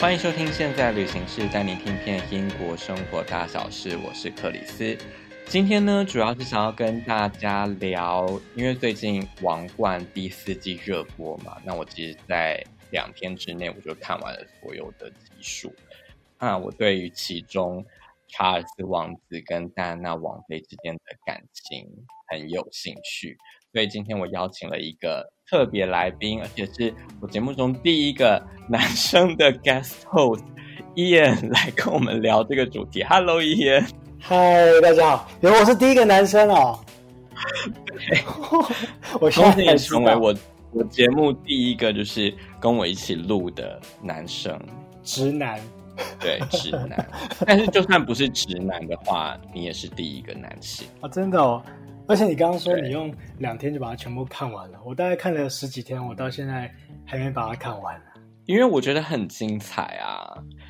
歡迎收聽《現在旅行室》，帶您聽遍英國生活大小事。我是克里斯，今天呢，主要是想要跟大家聊，因為最近《王冠》第四季熱播嘛，那我其實，在兩天之內我就看完了所有的集數。那我對於其中查爾斯王子跟戴安娜王妃之間的感情很有興趣。所以今天我邀請了一個特別來賓，而且是我節目中第一個男生的 guest host Ian 來跟我們聊這個主題。Hello Ian，嗨，Hi, 大家好，因為我是第一個男生哦。希望 對 你成為我我節目第一個就是跟我一起錄的男生。直男。對，直男。 但是就算不是直男的話，你也是第一個男性。啊，真的哦。而且你剛剛說你用兩天就把它全部看完了，對我大概看了十幾天，我到現在還沒把它看完啊。因為我覺得很精彩啊。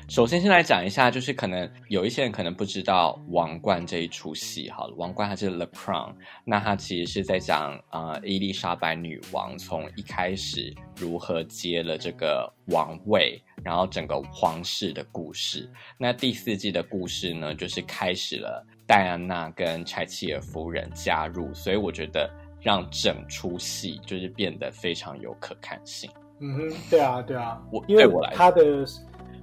首先先來講一下，就是可能有一些人可能不知道《王冠》這一出戲，哈，《王冠》它是 The Crown，那它其實是在講啊，呃，伊麗莎白女王從一開始如何接了這個王位，然後整個皇室的故事。那第四季的故事呢，就是開始了。戴安娜跟柴契爾夫人加入，所以我覺得讓整出戲就是變得非常有可看性。嗯哼，對啊，對啊，我因為他的，欸、我來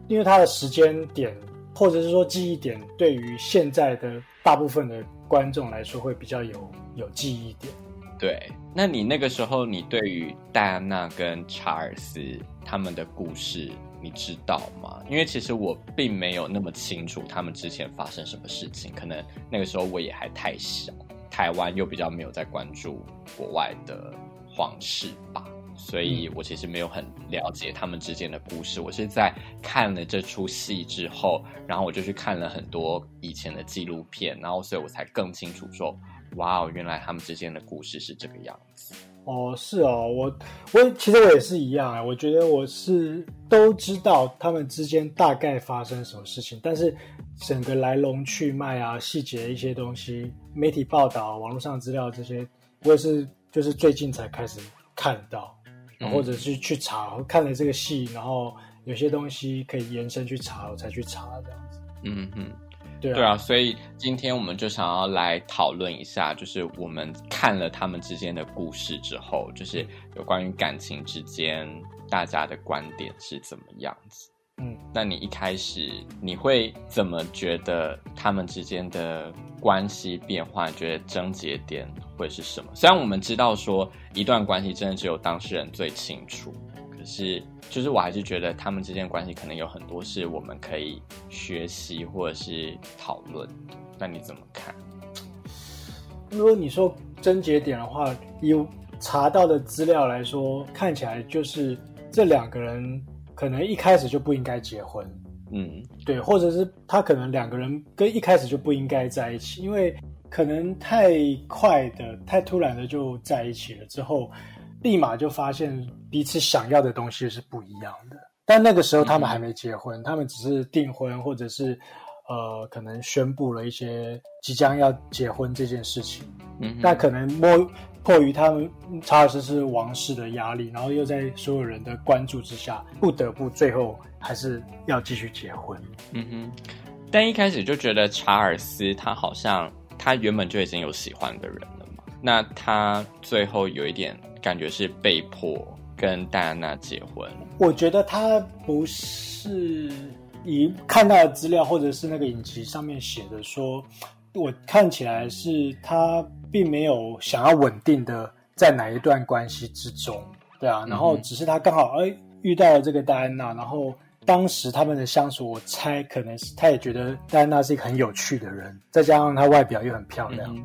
因為他的時間點或者是說記憶點，對於現在的大部分的觀眾來說會比較有有記憶點。對，那你那個時候，你對於戴安娜跟查爾斯他們的故事，你知道嗎？因為其實我並沒有那麼清楚他們之前發生什麼事情，可能那個時候我也還太小，台灣又比較沒有在關注國外的皇室吧，所以我其實沒有很了解他們之間的故事。我是在看了這出戲之後，然後我就去看了很多以前的紀錄片，然後所以我才更清楚說，哇，原來他們之間的故事是這個樣子。哦，是哦，我我其實我也是一樣啊，我覺得我是都知道他們之間大概發生什麼事情，但是整個來龍去脈啊、細節的一些東西、媒體報道、網絡上資料這些，我也是就是最近才開始看到，然後或者是去查。嗯哼。看了這個戲，然後有些東西可以延伸去查，我才去查這樣子。嗯嗯。對啊，對啊，所以今天我們就想要來討論一下，就是我們看了他們之間的故事之後，就是有關於感情之間大家的觀點是怎麼樣子。嗯，那你一開始你會怎麼覺得他們之間的關係變化？你覺得症結點會是什麼？雖然我們知道說，一段關係真的只有當事人最清楚。只是，就是我還是覺得他們之間關係可能有很多事我們可以學習或者是討論。那你怎麼看？如果你說症結點的話，有查到的資料來說，看起來就是這兩個人可能一開始就不應該結婚。嗯，對，或者是他可能兩個人跟一開始就不應該在一起，因為可能太快的、太突然的就在一起了之後。立馬就發現彼此想要的東西是不一樣的，但那個時候他們還沒結婚，嗯哼，他們只是訂婚，或者是，呃，可能宣布了一些即將要結婚這件事情。嗯哼，那可能迫迫於他們查爾斯是王室的壓力，然後又在所有人的關注之下，不得不最後還是要繼續結婚。嗯哼，但一開始就覺得查爾斯他好像他原本就已經有喜歡的人了嘛，那他最後有一點。感覺是被迫跟戴安娜結婚。我覺得他不是以看到的資料，或者是那個影集上面寫的說，我看起來是他並沒有想要穩定的在哪一段關係之中，對啊。然後只是他剛好、欸、遇到了這個戴安娜，然後當時他們的相處，我猜可能是他也覺得戴安娜是一個很有趣的人，再加上她外表又很漂亮。嗯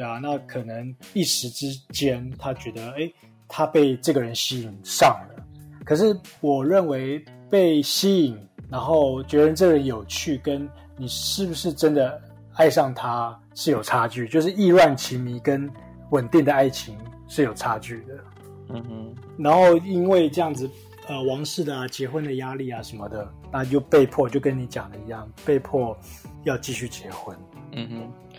對啊，那可能一時之間，他覺得，哎、欸，他被這個人吸引上了。可是我認為，被吸引然後覺得這個人有趣，跟你是不是真的愛上他是有差距，就是意亂情迷跟穩定的愛情是有差距的。嗯哼。然後因為這樣子，呃，王室的、啊、結婚的壓力啊什麼的，那就被迫就跟你講的一樣，被迫要繼續結婚。嗯哼。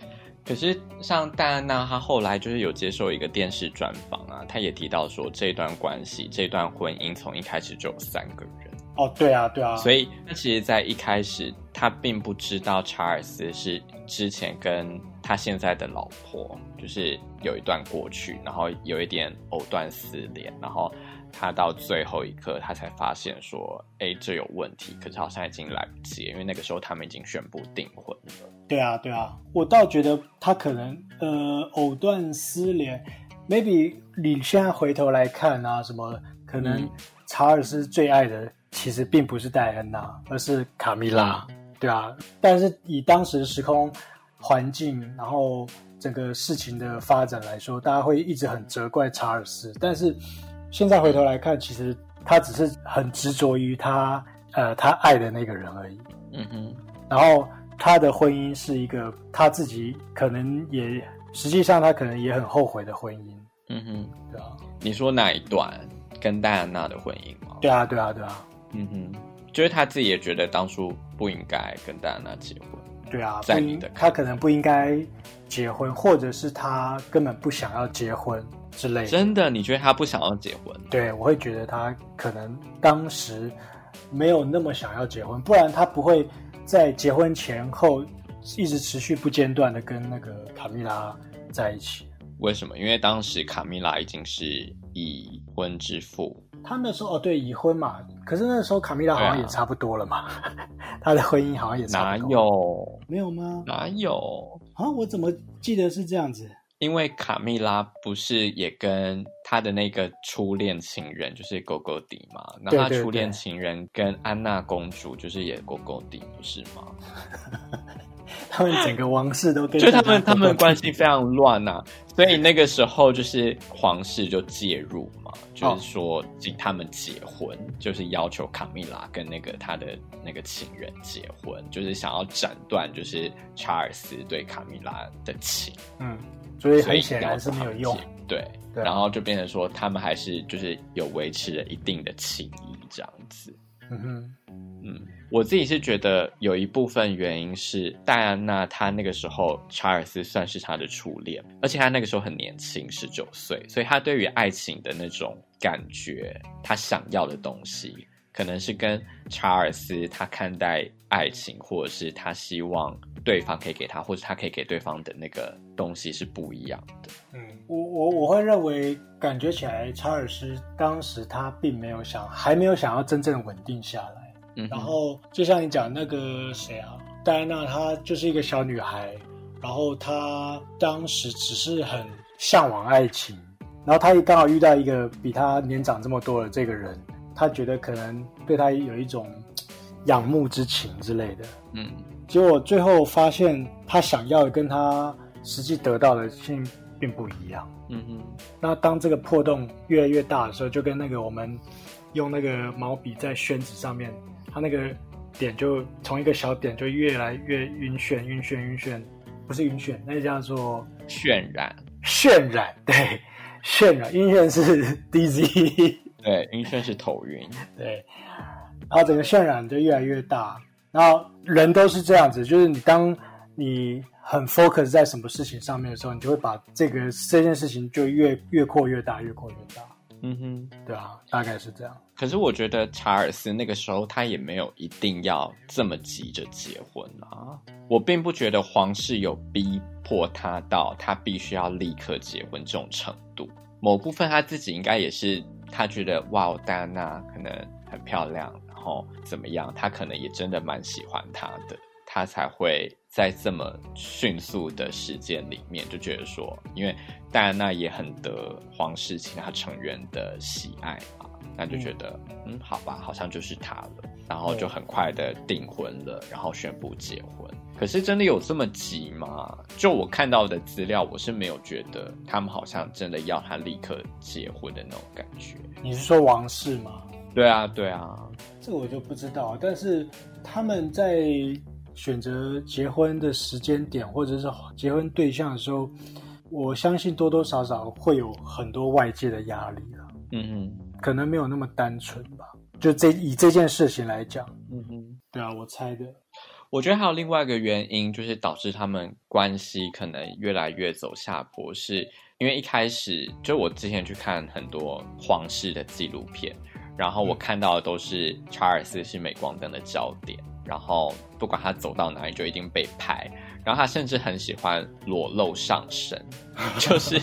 可是像戴安娜，她後來就是有接受一個電視專訪啊，她也提到說這，這段關係，這段婚姻，從一開始就有三個人。哦，對啊，對啊。所以，那其實，在一開始，她並不知道查爾斯是之前跟。他現在的老婆就是有一段過去，然後有一點藕斷絲連，然後他到最後一刻他才發現說，哎，這有問題。可是好像已經來不及，因為那個時候他們已經宣布訂婚了。對啊，對啊，我倒覺得他可能呃藕斷絲連，maybe 你現在回頭來看啊，什麼可能查爾斯最愛的、嗯、其實並不是戴安娜，而是卡米拉，嗯、對啊。但是以當時時空。環境，然後整個事情的發展來說，大家會一直很責怪查爾斯。但是現在回頭來看，其實他只是很執着於他呃他愛的那個人而已。嗯哼、嗯，然後他的婚姻是一個他自己可能也實際上他可能也很後悔的婚姻。嗯哼、嗯，對啊，你說哪一段跟戴安娜的婚姻嗎？對啊，對啊，對啊。嗯哼，就是他自己也覺得當初不應該跟戴安娜結婚。對啊，在你的他可能不應該結婚，或者是他根本不想要結婚之類的。真的，你覺得他不想要結婚？對，我會覺得他可能當時沒有那麼想要結婚，不然他不會在結婚前後一直持續不間斷的跟那個卡米拉在一起。為什麼？因為當時卡米拉已經是已婚之婦。他們說哦，對，已婚嘛。可是那時候卡蜜拉好像也差不多了嘛，啊、他的婚姻好像也差不多了。哪有？沒有嗎？哪有？啊，我怎麼記得是這樣子？因為卡蜜拉不是也跟他的那個初戀情人就是狗狗迪嘛？那他初戀情人跟安娜公主就是也狗狗迪，不是嗎？ 他們整個王室都對對他哥哥就他們他們關係非常亂吶、啊。所以那個時候就是皇室就介入嘛，哦、就是說請他們結婚，就是要求卡蜜拉跟那個他的那個情人結婚，就是想要斬斷就是查爾斯對卡蜜拉的情。嗯，所以很顯然所以要求他們結婚，是沒有用。對，對然後就變成說他們還是就是有維持了一定的情誼這樣子。嗯哼，嗯，我自己是覺得有一部分原因是戴安娜，她那個時候查爾斯算是她的初戀，而且她那個時候很年輕，十九歲，所以她對於愛情的那種感覺，她想要的東西，可能是跟查爾斯他看待愛情，或者是他希望對方可以給他，或者他可以給對方的那個東西是不一樣的。嗯，我我我會認為，感覺起來查爾斯當時他並沒有想，還沒有想要真正的穩定下來。嗯哼，然後就像你講那個誰啊，戴安娜，她就是一個小女孩，然後她當時只是很向往愛情，然後她剛好遇到一個比她年長這麼多的這個人，她覺得可能對他有一種。仰慕之情之類的，嗯，結果最後發現他想要的跟他實際得到的性並不一樣，嗯，嗯，那當這個破洞越來越大的時候，就跟那個我們用那個毛筆在宣紙上面，它那個點就從一個小點就越來越暈眩、暈眩、暈眩，不是暈眩，那叫做渲染，渲染，對，渲染，暈眩是 dizzy，對，暈眩是頭暈， 對。然後整個渲染就越來越大，然後人都是這樣子，就是你當你很 focus 在什麼事情上面的時候，你就會把這個這件事情就越越擴越大，越擴越大。嗯哼，對啊，大概是這樣。可是我覺得查爾斯那個時候他也沒有一定要這麼急着結婚啊，我並不覺得皇室有逼迫他到他必須要立刻結婚這種程度。某部分他自己應該也是他覺得哇哦，戴安娜可能很漂亮。然後怎麼樣？他可能也真的蠻喜歡他的，他才會在這麼迅速的時間裡面就覺得說，因為戴安娜也很得皇室其他成員的喜愛嘛，那就覺得嗯，嗯，好吧，好像就是他了，然後就很快的訂婚了，對然後宣布結婚。可是真的有這麼急嗎？就我看到的資料，我是沒有覺得他們好像真的要他立刻結婚的那種感覺。你是說王室嗎？對啊，對啊。這個我就不知道，但是他們在選擇結婚的時間點或者是結婚對象的時候，我相信多多少少會有很多外界的壓力了。嗯哼，可能沒有那麼單純吧。就這以這件事情來講，嗯哼，對啊，我猜的。我覺得還有另外一個原因，就是導致他們關係可能越來越走下坡，是因為一開始就我之前去看很多皇室的紀錄片。然後我看到的都是查爾斯是鎂光燈的焦點，然後不管他走到哪裡就一定被拍，然後他甚至很喜歡裸露上身，就是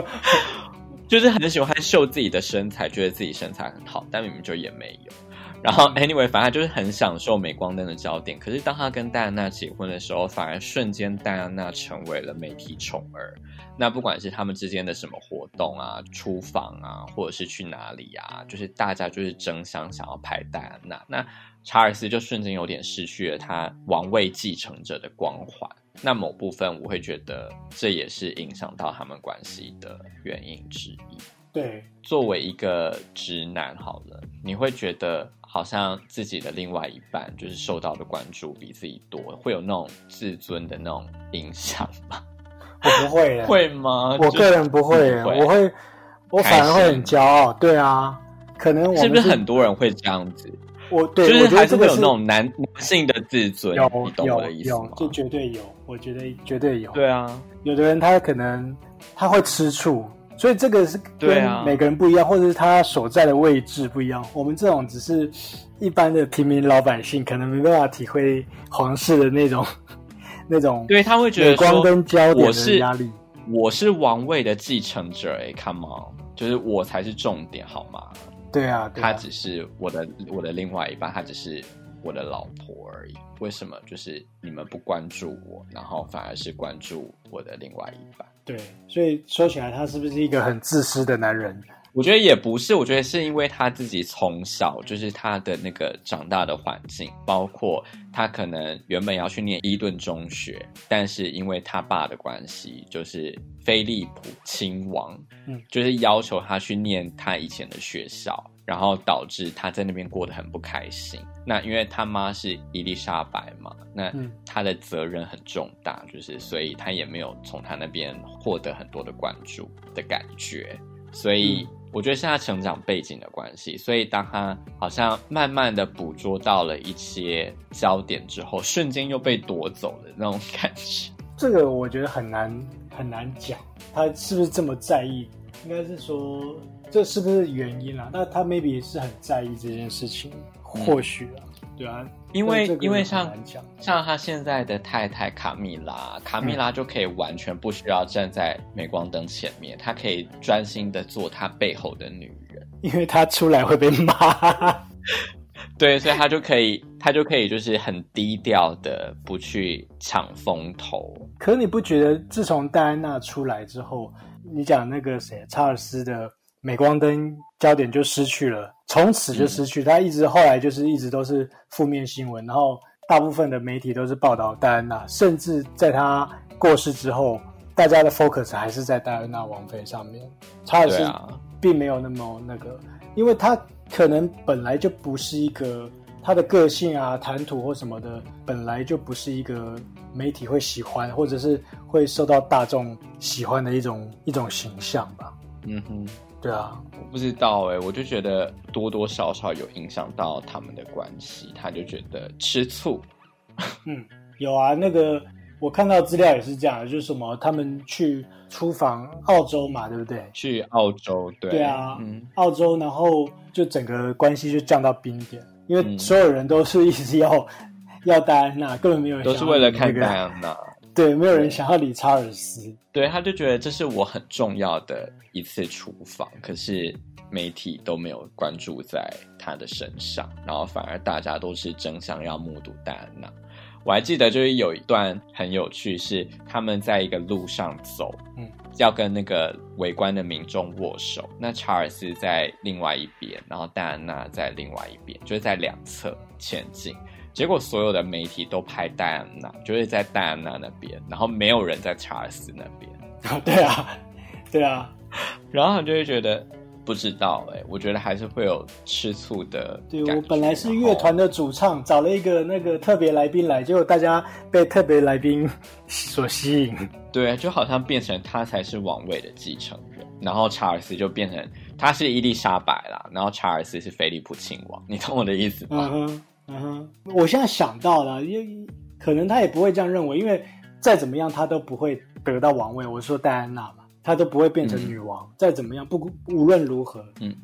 就是很喜歡秀自己的身材，覺得自己身材很好，但明明就也沒有。然後，anyway，反正他就是很享受鎂光燈的焦點。可是，當他跟戴安娜結婚的時候，反而瞬間戴安娜成為了媒體寵兒。那不管是他們之間的什麼活動啊、出訪啊，或者是去哪裡啊，就是大家就是爭相想要拍戴安娜。那查爾斯就瞬間有點失去了他王位繼承者的光環。那某部分我會覺得，這也是影響到他們關係的原因之一。對，作為一個直男，好了，你會覺得好像自己的另外一半就是受到的關注比自己多，會有那種自尊的那種影響嗎？我不會耶，會嗎？我個人不會耶，會我會，我反而會很驕傲。開心。對啊，可能我是。是不是很多人會這樣子？我對，就是還是會有那種男性的自尊，我你懂我的意思嗎？就絕對有。我覺得絕對有。對啊，有的人他可能他會吃醋。所以這個是跟每個人不一樣，對啊，或者是他所在的位置不一樣。我們這種只是一般的平民老百姓，可能沒辦法體會皇室的那種、 那種。對他會覺得光跟焦點的壓力我。我是王位的繼承者，欸，哎，Come on，就是我才是重點，好嗎？對啊，對啊，他只是我的我的另外一半，他只是，我的老婆而已，為什麼就是你們不關注我，然後反而是關注我的另外一半？對，所以說起來，他是不是一個很自私的男人？我覺得也不是，我覺得是因為他自己從小就是他的那個長大的環境，包括他可能原本要去念伊頓中學，但是因為他爸的關係，就是菲利普親王，嗯，就是要求他去念他以前的學校。然後導致他在那邊過得很不開心。那因為他媽是伊麗莎白嘛，那他的責任很重大，就是、嗯、所以他也沒有從他那邊獲得很多的關注的感覺。所以我覺得是他成長背景的關係。所以當他好像慢慢的捕捉到了一些焦點之後，瞬間又被奪走了那種感覺。這個我覺得很難很難講，他是不是這麼在意？應該是說。這是不是原因啊？那他 maybe 是很在意這件事情，嗯、或許啊，對啊，因為因為像吧像他現在的太太卡米拉，卡米拉就可以完全不需要站在鎂光燈前面，她、嗯、可以專心的做她背後的女人，因為她出來會被罵 ，對，所以她就可以她就可以就是很低調的不去搶風頭。可是你不覺得自從戴安娜出來之後，你講那個誰查爾斯的？鎂光燈焦點就失去了，從此就失去。嗯、他一直後來就是一直都是負面新聞，然後大部分的媒體都是報道戴安娜，甚至在他過世之後，大家的 focus 還是在戴安娜王妃上面。查爾斯並沒有那麼那個，啊、因為他可能本來就不是一個他的個性啊、談吐或什麼的，本來就不是一個媒體會喜歡，或者是會受到大眾喜歡的一種一種形象吧。嗯哼。對啊，我不知道哎，欸，我就覺得多多少少有影響到他們的關係，他就覺得吃醋。嗯，有啊，那個我看到資料也是這樣，就是什麼他們去出訪澳洲嘛，嗯、對不對？去澳洲，對。對啊，嗯，澳洲，然後就整個關係就降到冰點，因為所有人都是一直要，嗯、要戴安娜，根本沒有人，那個，都是為了看戴安娜。對，沒有人想要理查爾斯。對。對，他就覺得這是我很重要的一次出訪，可是媒體都沒有關注在他的身上，然後反而大家都是爭相要目睹戴安娜。我還記得就是有一段很有趣是，是他們在一個路上走，嗯，要跟那個圍觀的民眾握手。那查爾斯在另外一邊，然後戴安娜在另外一邊，就是在兩側前進。結果所有的媒體都拍戴安娜，就是在戴安娜那邊，然後沒有人在查爾斯那邊。對啊，對啊，然後他就會覺得不知道哎、欸，我覺得還是會有吃醋的。對，我本來是樂團的主唱，然後，找了一個那個特別來賓來，結果大家被特別來賓所吸引。對啊，就好像變成他才是王位的繼承人，然後查爾斯就變成他是伊麗莎白啦。然後查爾斯是菲利普親王，你懂我的意思嗎？嗯嗯哼，uh huh. 我現在想到了，因為可能他也不會這樣認為，因為再怎麼樣他都不會得到王位。我是說戴安娜嘛，他都不會變成女王。嗯、哼再怎麼樣，不無論如何，嗯，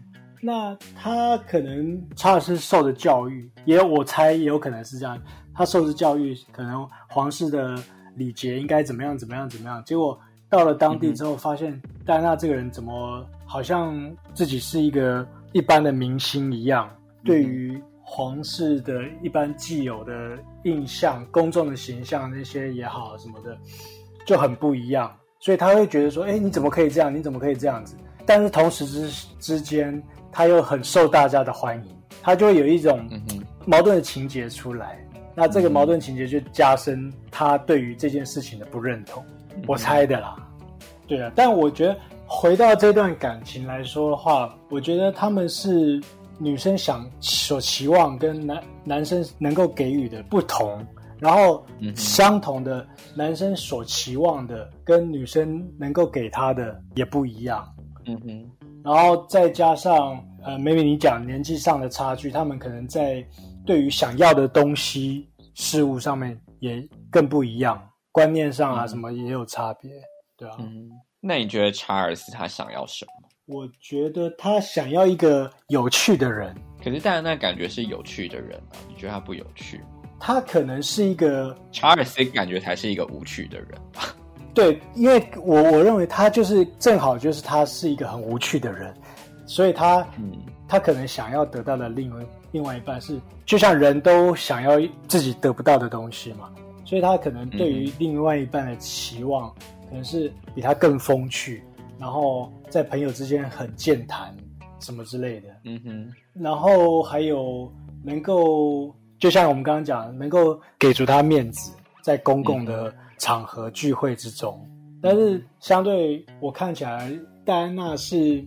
那他可能查爾斯受的教育，也我猜也有可能是這樣。他受的教育，可能皇室的禮節應該怎麼樣怎麼樣怎麼樣，結果到了當地之後，發現戴安娜這個人怎麼好像自己是一個一般的明星一樣，嗯、哼對於。皇室的一般既有的印象、公眾的形象那些也好什麼的，就很不一樣，所以他會覺得說：“哎、欸，你怎麼可以這樣？你怎麼可以這樣子？”但是同時之之間，他又很受大家的歡迎，他就會有一種矛盾的情節出來。嗯哼。那這個矛盾情節就加深他對於這件事情的不認同。嗯哼。我猜的啦，對啊。但我覺得回到這段感情來說的話，我覺得他們是。女生想所期望，跟男男生能夠給予的不同，然後相同的男生所期望的，跟女生能夠給他的也不一樣。嗯哼，然後再加上呃，妹妹你講年紀上的差距，他們可能在對於想要的東西、事物上面也更不一樣，觀念上啊什麼也有差別。嗯、對啊、嗯，那你覺得查爾斯他想要什麼？我覺得他想要一個有趣的人，可是戴安娜感覺是有趣的人。你覺得他不有趣？他可能是一個，查爾斯感覺才是一個無趣的人。對，因為我我認為他就是正好就是他是一個很無趣的人，所以他他可能想要得到的另另外一半是，就像人都想要自己得不到的東西嘛，所以他可能對於另外一半的期望可能是比他更風趣。然後在朋友之間很健談，什麼之類的。嗯哼。然後還有能夠，就像我們剛剛講，能夠給足她面子，在公共的場合聚會之中。嗯哼。但是相對我看起來，戴安娜是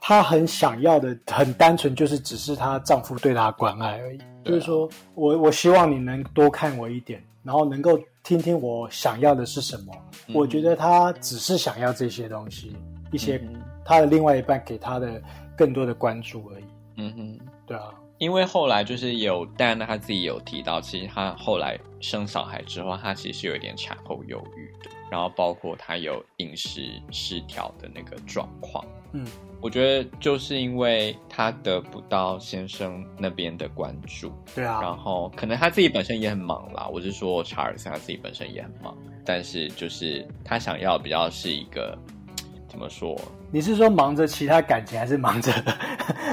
她很想要的，很單純，就是只是她丈夫對她關愛而已。對。就是說我我希望你能多看我一點，然後能夠。聽聽我想要的是什麼？嗯、我覺得他只是想要這些東西，一些他的另外一半給他的更多的關注而已。嗯哼、嗯，對啊，因為後來就是有黛安娜他自己有提到，其實他後來生小孩之後，他其實有一點產後憂鬱。然後包括他有飲食失調的那個狀況，嗯，我覺得就是因為他得不到先生那邊的關注，對啊，然後可能他自己本身也很忙啦。我是說查爾斯他自己本身也很忙，但是就是他想要的比較是一個怎麼說？你是說忙着其他感情，還是忙着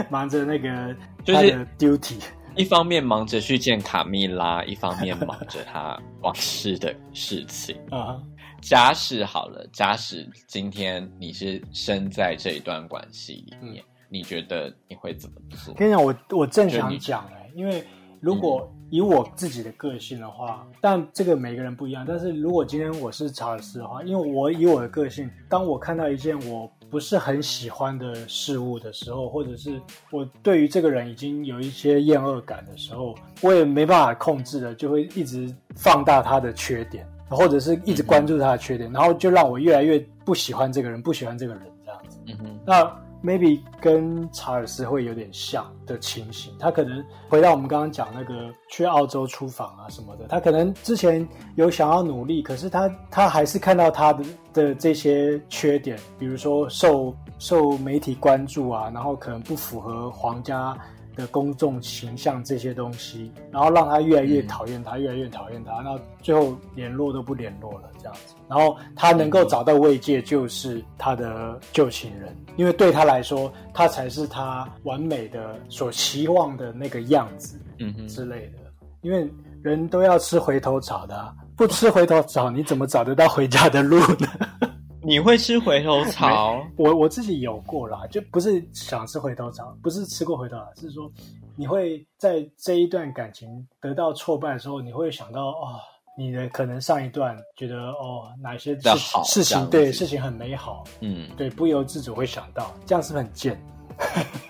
忙着那個就是 duty？一方面忙着去見卡蜜拉，一方面忙着他王室的事情啊。嗯假使好了，假使今天你是身在這一段關係裡面，你覺得你會怎麼做？我跟你講，我我正想講哎、欸，你因為如果以我自己的個性的話，但、嗯、這個每個人不一樣。但是如果今天我是查爾斯的話，因為我以我的個性，當我看到一件我不是很喜歡的事物的時候，或者是我對於這個人已經有一些厭惡感的時候，我也沒辦法控制了，就會一直放大他的缺點。或者是一直關注他的缺點，嗯哼。然後就讓我越來越不喜歡這個人，不喜歡這個人這樣子。嗯哼。那 maybe 跟查爾斯會有點像的情形，他可能回到我們剛剛講那個去澳洲出訪啊什麼的，他可能之前有想要努力，可是他他還是看到他的的這些缺點，比如說受受媒體關注啊，然後可能不符合皇家。的公眾形象這些東西，然後讓他越來越討厭他，嗯、越來越討厭他，那最後聯絡都不聯絡了這樣子。然後他能夠找到慰藉，就是他的舊情人，嗯嗯，因為對他來說，他才是他完美的所希望的那個樣子，嗯嗯之類的。嗯嗯，因為人都要吃回頭草的、啊，不吃回頭草，你怎麼找得到回家的路呢？ 你會吃回頭草？ 我我自己有過啦，就不是想吃回頭草，不是吃過回頭草，是說你會在這一段感情得到挫敗的時候，你會想到哦，你的可能上一段覺得哦，哪些事，好這樣，事情，對，事情很美好，嗯，對，不由自主會想到，這樣是不是很賤？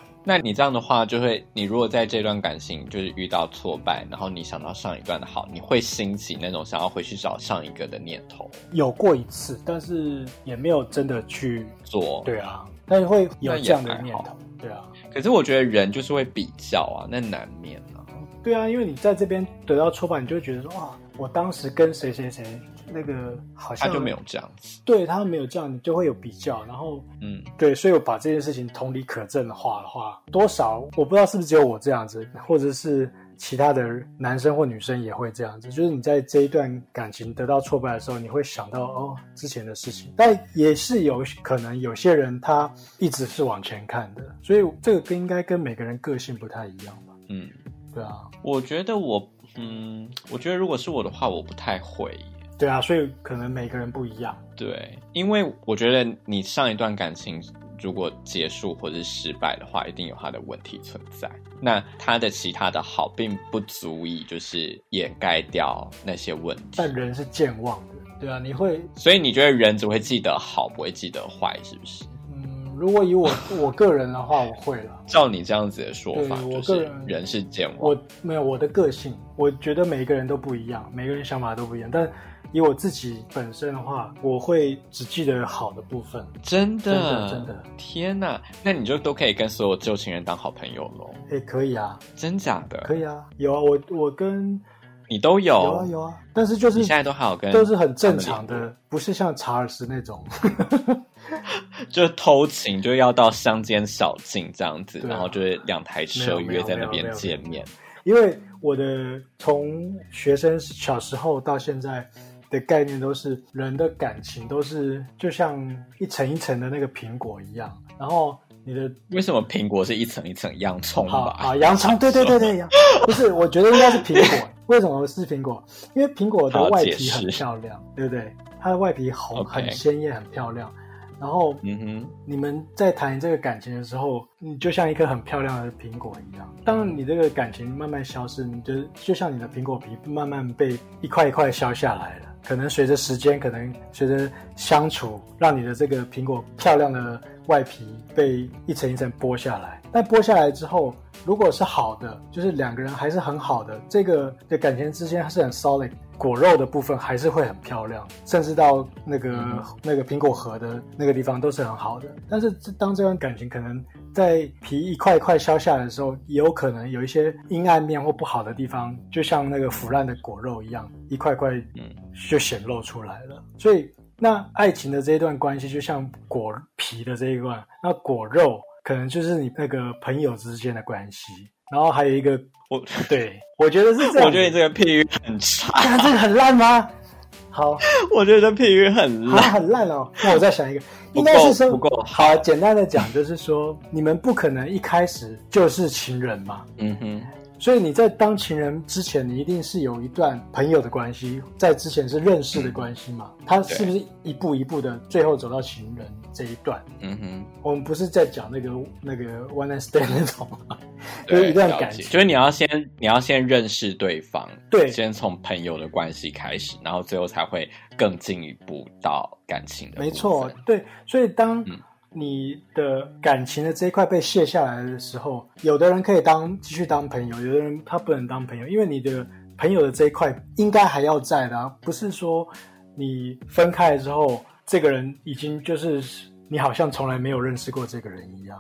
那你這樣的話，就會你如果在這段感情就是遇到挫敗，然後你想到上一段的好，你會興起那種想要回去找上一個的念頭。有過一次，但是也沒有真的去做。對啊，那會有這樣的念頭。對啊，可是我覺得人就是會比較啊，那難免啊。對啊，因為你在這邊得到挫敗，你就會覺得說哇，我當時跟誰誰誰。那個好像他就沒有這樣子，對他沒有這樣，你就會有比較，然後嗯，對，所以我把這件事情同理可證的話的話，多少我不知道是不是只有我這樣子，或者是其他的男生或女生也會這樣子，就是你在這一段感情得到挫敗的時候，你會想到哦之前的事情，但也是有可能有些人他一直是往前看的，所以這個跟應該跟每個人個性不太一樣吧？嗯，對啊，我覺得我嗯，我覺得如果是我的話，我不太會。對啊，所以可能每個人不一樣。對，因為我覺得你上一段感情如果結束或者是失敗的話，一定有他的問題存在。那他的其他的好，並不足以就是掩蓋掉那些問題。但人是健忘的，對啊，你會，所以你覺得人只會記得好，不會記得壞，是不是？嗯，如果以我我個人的話， 我會了。照你這樣子的說法，我個人人是健忘我個人。我沒有我的個性，我覺得每個人都不一樣，每個人想法都不一樣，但。以我自己本身的話，我會只記得好的部分。真的，真的，天哪！那你就都可以跟所有舊情人當好朋友嘍？欸，可以啊！真假的？可以啊，有啊，我我跟你都有，有啊有啊。但是就是你現在都還有跟，都是很正常的，不是像查爾斯那種，就偷情就要到鄉間小徑這樣子，然後就是兩台車約在那邊見面。因為我的從學生小時候到現在的概念都是人的感情都是就像一層一層的那個蘋果一樣，然後你的為什麼蘋果是一層一層洋蔥啊？洋蔥。對對對對， 洋蔥不是，我覺得應該是蘋果。 為什麼是蘋果？因為蘋果的外皮很漂亮，對不對？它的外皮紅，Okay. 很鮮豔，很漂亮。然後，嗯哼，你們在談這個感情的時候，你就像一顆很漂亮的蘋果一樣。當你這個感情慢慢消失，你就就像你的蘋果皮慢慢被一塊一塊削下來了。可能隨着時間，可能隨着相處，讓你的這個蘋果漂亮的外皮被一層一層剝下來。但剝下來之後，如果是好的，就是兩個人還是很好的，這個的感情之間還是很 solid。果肉的部分還是會很漂亮，甚至到那個、嗯、那個蘋果核的那個地方都是很好的。但是這，當這段感情可能在皮一塊一塊削下來的時候，也有可能有一些陰暗面或不好的地方，就像那個腐爛的果肉一樣，一塊塊就顯露出來了。所以，那愛情的這一段關係就像果皮的這一段，那果肉可能就是你那個朋友之間的關係。然後還有一個，我對，我覺得是這樣。我覺得你這個譬喻很差，啊，這個很爛嗎？好，我覺得這譬喻很爛，啊，很爛哦。那我再想一個，不夠，應該是說，不夠好，好。簡單的講，就是說，你們不可能一開始就是情人嘛。嗯哼。所以你在當情人之前，你一定是有一段朋友的關係，在之前是認識的關係嘛？嗯、他是不是一步一步的，最後走到情人這一段？嗯哼，我們不是在講那個那個 one night stand 那種嗎？ 就是一段感情，所以、就是、你要先你要先認識對方，對，先從朋友的關係開始，然後最後才會更進一步到感情的。沒錯，對，所以當。嗯你的感情的這一塊被卸下來的時候，有的人可以當繼續當朋友，有的人他不能當朋友，因為你的朋友的這一塊應該還要在的，啊，不是說你分開了之後，這個人已經就是你好像從來沒有認識過這個人一樣。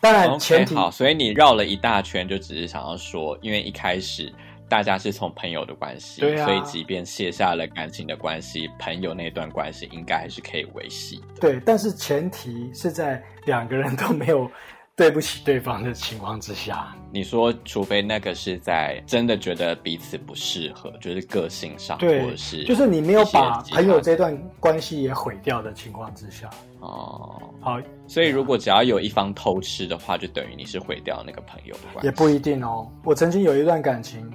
當然，前提 Okay, 好，所以你繞了一大圈，就只是想要說，因為一開始。大家是從朋友的關係，對啊，所以即便卸下了感情的關係，朋友那段關係應該還是可以維繫的。對，但是前提是在兩個人都沒有對不起對方的情況之下。你說，除非那個是在真的覺得彼此不適合，就是個性上，對，或者是就是你沒有把朋友這段關係也毀掉的情況之下。哦，嗯，好，所以如果只要有一方偷吃的話，就等於你是毀掉那個朋友的關係。也不一定哦，我曾經有一段感情。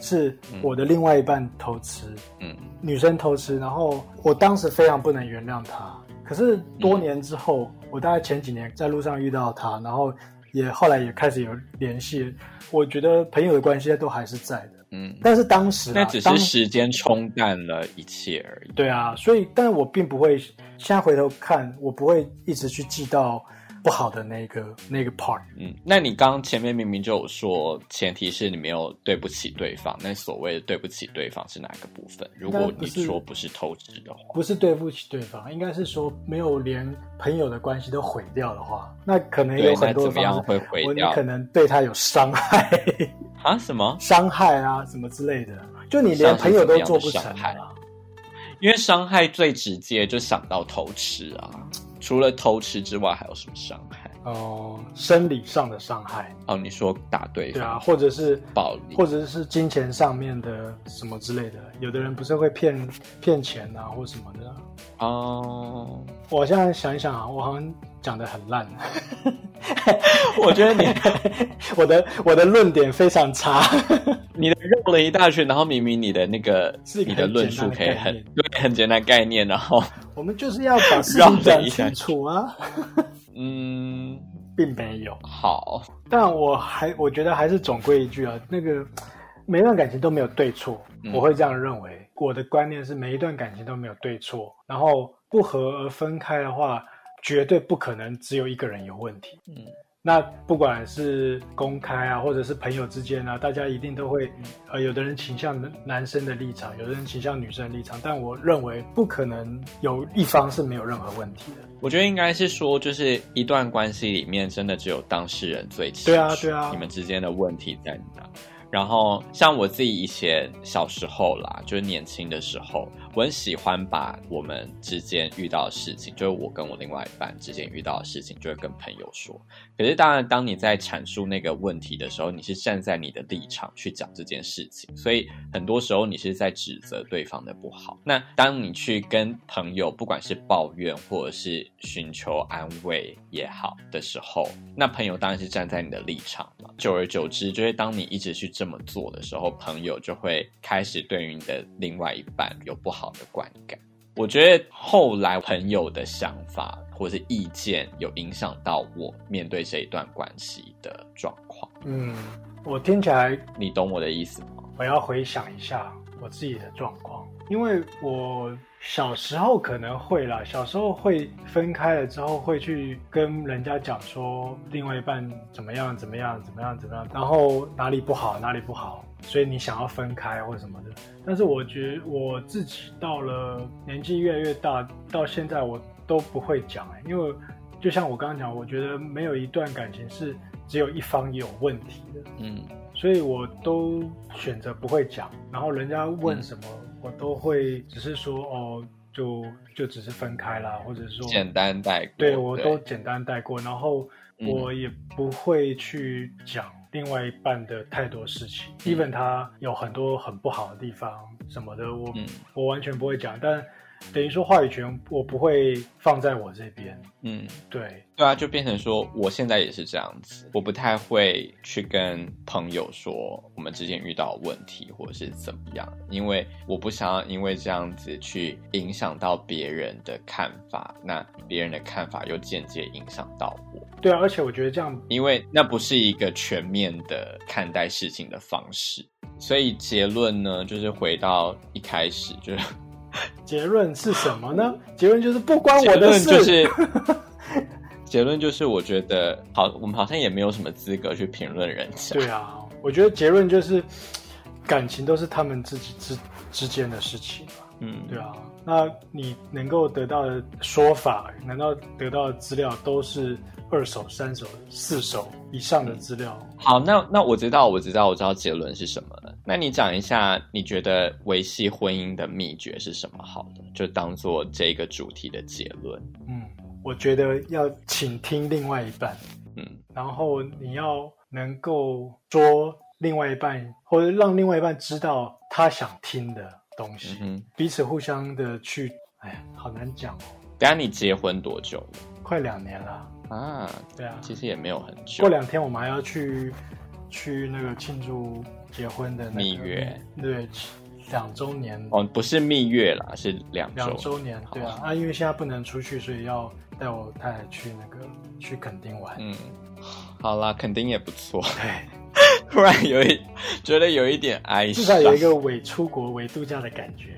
是我的另外一半偷吃，嗯，女生偷吃，然後我當時非常不能原諒他。可是多年之後，嗯，我大概前幾年在路上遇到他，然後也後來也開始有聯繫。我覺得朋友的關係都還是在的，嗯。但是當時啊，那只是時間沖淡了一切而已。對啊，所以，但是我並不會，現在回頭看，我不會一直去記到不好的那個那個 part，嗯，那你剛前面明明就有說，前提是你沒有對不起對方，那所謂的對不起對方是哪個部分？如果你說不是偷吃的話，不是對不起對方，應該是說沒有連朋友的關係都毀掉的話，那可能有很多方面，怎麼樣會毀掉，你可能對他有傷害啊？什麼傷害啊？什麼之類的？就你連朋友都做不成，啊，因為傷害最直接就想到偷吃啊。除了偷吃之外，還有什麼傷害？哦、呃，生理上的傷害。哦，你說打對方？對啊，或者是暴力，或者是金錢上面的什麼之類的。有的人不是會騙騙錢啊，或什麼的。哦、呃，我現在想一想啊，我好像講的很爛。 我覺得你， 我的我的論點非常差。 你的繞了一大圈，然後明明你的那個，個的你的論述可以很，很簡單概念，然後我們就是要把事情講清楚啊。嗯，並沒有好，但我還我覺得還是總歸一句啊，那個每一段感情都沒有對錯，嗯，我會這樣認為。我的觀念是每一段感情都沒有對錯，然後不合而分開的話，絕對不可能只有一個人有問題。嗯。那不管是公開啊，或者是朋友之間啊，大家一定都會，呃，有的人傾向男生的立場，有的人傾向女生的立場，但我認為不可能有一方是沒有任何問題的。我覺得應該是說，就是一段關係裡面，真的只有當事人最清楚你們之間的問題在哪。對啊對啊，然後像我自己以前小時候啦，就是年輕的時候。我很喜歡把我們之間遇到的事情，就是我跟我另外一半之間遇到的事情，就會跟朋友說。可是，當然，當你在闡述那個問題的時候，你是站在你的立場去講這件事情，所以很多時候你是在指責對方的不好。那當你去跟朋友，不管是抱怨或者是尋求安慰也好的時候，那朋友當然是站在你的立場嘛。久而久之，就是當你一直去這麼做的時候，朋友就會開始對於你的另外一半有不好的觀感，我覺得後來朋友的想法或者是意見有影響到我面對這一段關係的狀況。嗯，我聽起來，你懂我的意思嗎？我要回想一下我自己的狀況，因為我小時候可能會啦，小時候會分開了之後會去跟人家講說，另外一半怎麼樣怎麼樣怎麼樣怎麼樣，然後哪裡不好哪裡不好，所以你想要分開或者什麼的，但是我覺得我自己到了年紀越來越大，到現在我都不會講、欸、因為就像我剛剛講，我覺得沒有一段感情是只有一方有問題的，嗯，所以我都選擇不會講，然後人家問什麼、嗯、我都會只是說哦。就就只是分開啦，或者說簡單帶過，對，我都簡單帶過，對然後我也不會去講另外一半的太多事情。基本、嗯、他有很多很不好的地方什麼的，我、嗯、我完全不會講，但。等於說話語權我不會放在我這邊，嗯，對，對啊，就變成說我現在也是這樣子，我不太會去跟朋友說我們之間遇到問題或者是怎麼樣，因為我不想要因為這樣子去影響到別人的看法，那別人的看法又間接影響到我。對啊，而且我覺得這樣，因為那不是一個全面的看待事情的方式，所以結論呢就是回到一開始就是。 結論是什麼呢？結論就是不關我的事。結論就是， 結論就是，我覺得好，我們好像也沒有什麼資格去評論人家。對啊，我覺得結論就是，感情都是他們自己之之間的事情嘛，嗯，對啊。嗯，那你能夠得到的說法，難道得到的資料都是二手、三手、四手以上的資料。嗯。好，那那我知道，我知道，我知道，我知道結論是什麼。那你講一下，你覺得維繫婚姻的秘訣是什麼？好的，就當做這個主題的結論。嗯，我覺得要傾聽另外一半。嗯，然後你要能夠說另外一半，或者讓另外一半知道他想聽的東西。嗯哼，彼此互相的去，哎呀，好難講哦。等下你結婚多久了？快兩年了。啊，對啊，其實也沒有很久。過兩天我們還要去，去那個慶祝。結婚的、那個、蜜月，對，兩周年哦，不是蜜月啦，是兩周年，對啊，啊，因為現在不能出去，所以要帶我太太去那個去墾丁玩。嗯，好啦，墾丁也不錯。對，突 然有一覺得有一點哀傷，至少有一個偽出國、偽度假的感覺。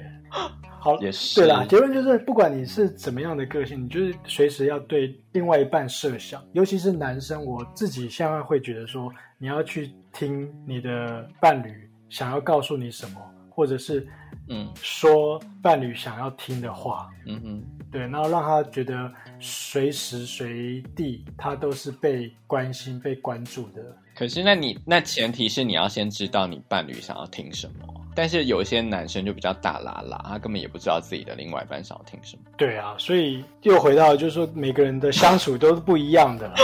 好，也是對啦，結論就是，不管你是怎麼樣的個性，你就是隨時要對另外一半設想，尤其是男生，我自己現在會覺得說，你要去聽你的伴侶想要告訴你什麼，或者是嗯，說伴侶想要聽的話，嗯嗯。對，然後讓他覺得隨時隨地他都是被關心、被關注的。可是，那你那前提是你要先知道你伴侶想要聽什麼。但是，有些男生就比較大喇喇，他根本也不知道自己的另外一半想要聽什麼。對啊，所以又回到了就是說，每個人的相處都是不一樣的啦。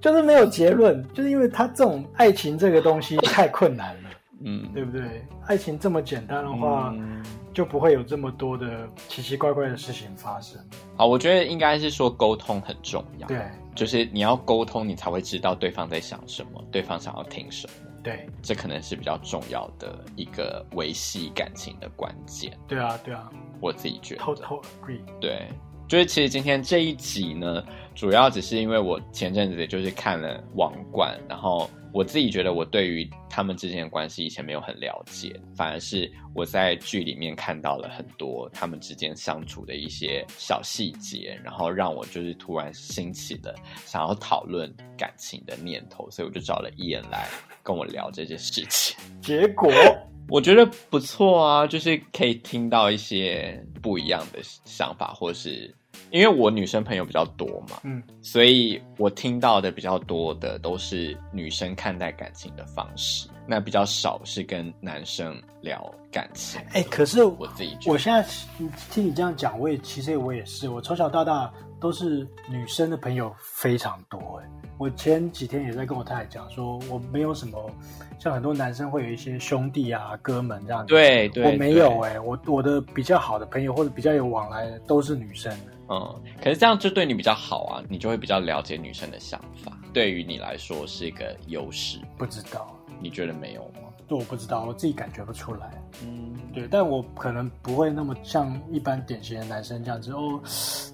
就是沒有結論，就是因為他這種愛情這個東西太困難了。嗯，對不對？愛情這麼簡單的話，嗯、就不會有這麼多的奇奇怪怪的事情發生。好，我覺得應該是說溝通很重要。對，就是你要溝通，你才會知道對方在想什麼，對方想要聽什麼。對，這可能是比較重要的一個維繫感情的關鍵。對啊，對啊，我自己覺得。Totally agree。對。就是其實今天這一集呢，主要只是因為我前陣子就是看了王冠，然後我自己覺得我對於他們之間的關係以前沒有很了解，反而是我在劇裡面看到了很多他們之間相處的一些小細節，然後讓我就是突然興起的想要討論感情的念頭，所以我就找了 Ian 來跟我聊這件事情。結果我覺得不錯啊，就是可以聽到一些不一樣的想法，或是。因為我女生朋友比較多嘛，嗯，所以我聽到的比較多的都是女生看待感情的方式，那比較少是跟男生聊感情。哎、欸，對可是我，我自己覺得，我現在聽你這樣講，我也其實我也是，我從小到大都是女生的朋友非常多。哎，我前幾天也在跟我太太講，說我沒有什麼像很多男生會有一些兄弟啊、哥們這樣子。對，對，我沒有。哎對，我我的比較好的朋友或者比較有往來的都是女生。嗯，可是這樣就對你比較好啊，你就會比較了解女生的想法，對於你來說是一個優勢。不知道你覺得沒有嗎？對，我不知道，我自己感覺不出來。嗯，對，但我可能不會那麼像一般典型的男生這樣子哦，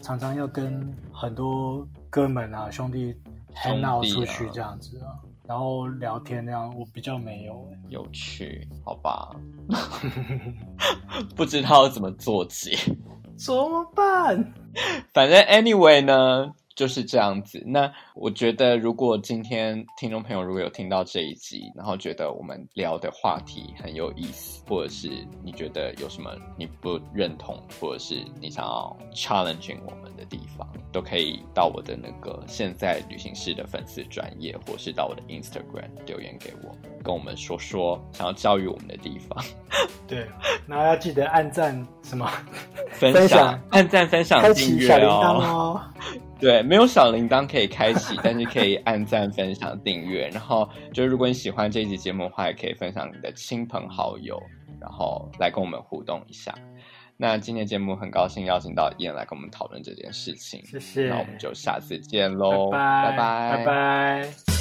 常常要跟很多哥們啊、兄弟 hang out 出去這樣子啊，然後聊天那樣，我比較沒有、欸。有趣，好吧？ 不知道怎麼做起。怎麼辦？反正 anyway 呢。就是這樣子。那我覺得，如果今天聽眾朋友如果有聽到這一集，然後覺得我們聊的話題很有意思，或者是你覺得有什麼你不認同，或者是你想要 challenging 我們的，地方，都可以到我的那個現在旅行社的粉絲專頁，或是到我的 Instagram 留言給我，跟我們說說想要教育我們的地方。對，那要記得按讚，什麼分享，按讚分享，分享開啟小鈴鐺哦。 對，沒有小鈴鐺可以開啟，但是可以按讚、分享、訂閱。 然後，就是如果你喜歡這一集節目的話，也可以分享你的親朋好友，然後來跟我們互動一下。那今天節目，很高興邀請到 Ian 來跟我們討論這件事情。謝謝是。那我們就下次見嘍，拜拜，拜拜。拜拜。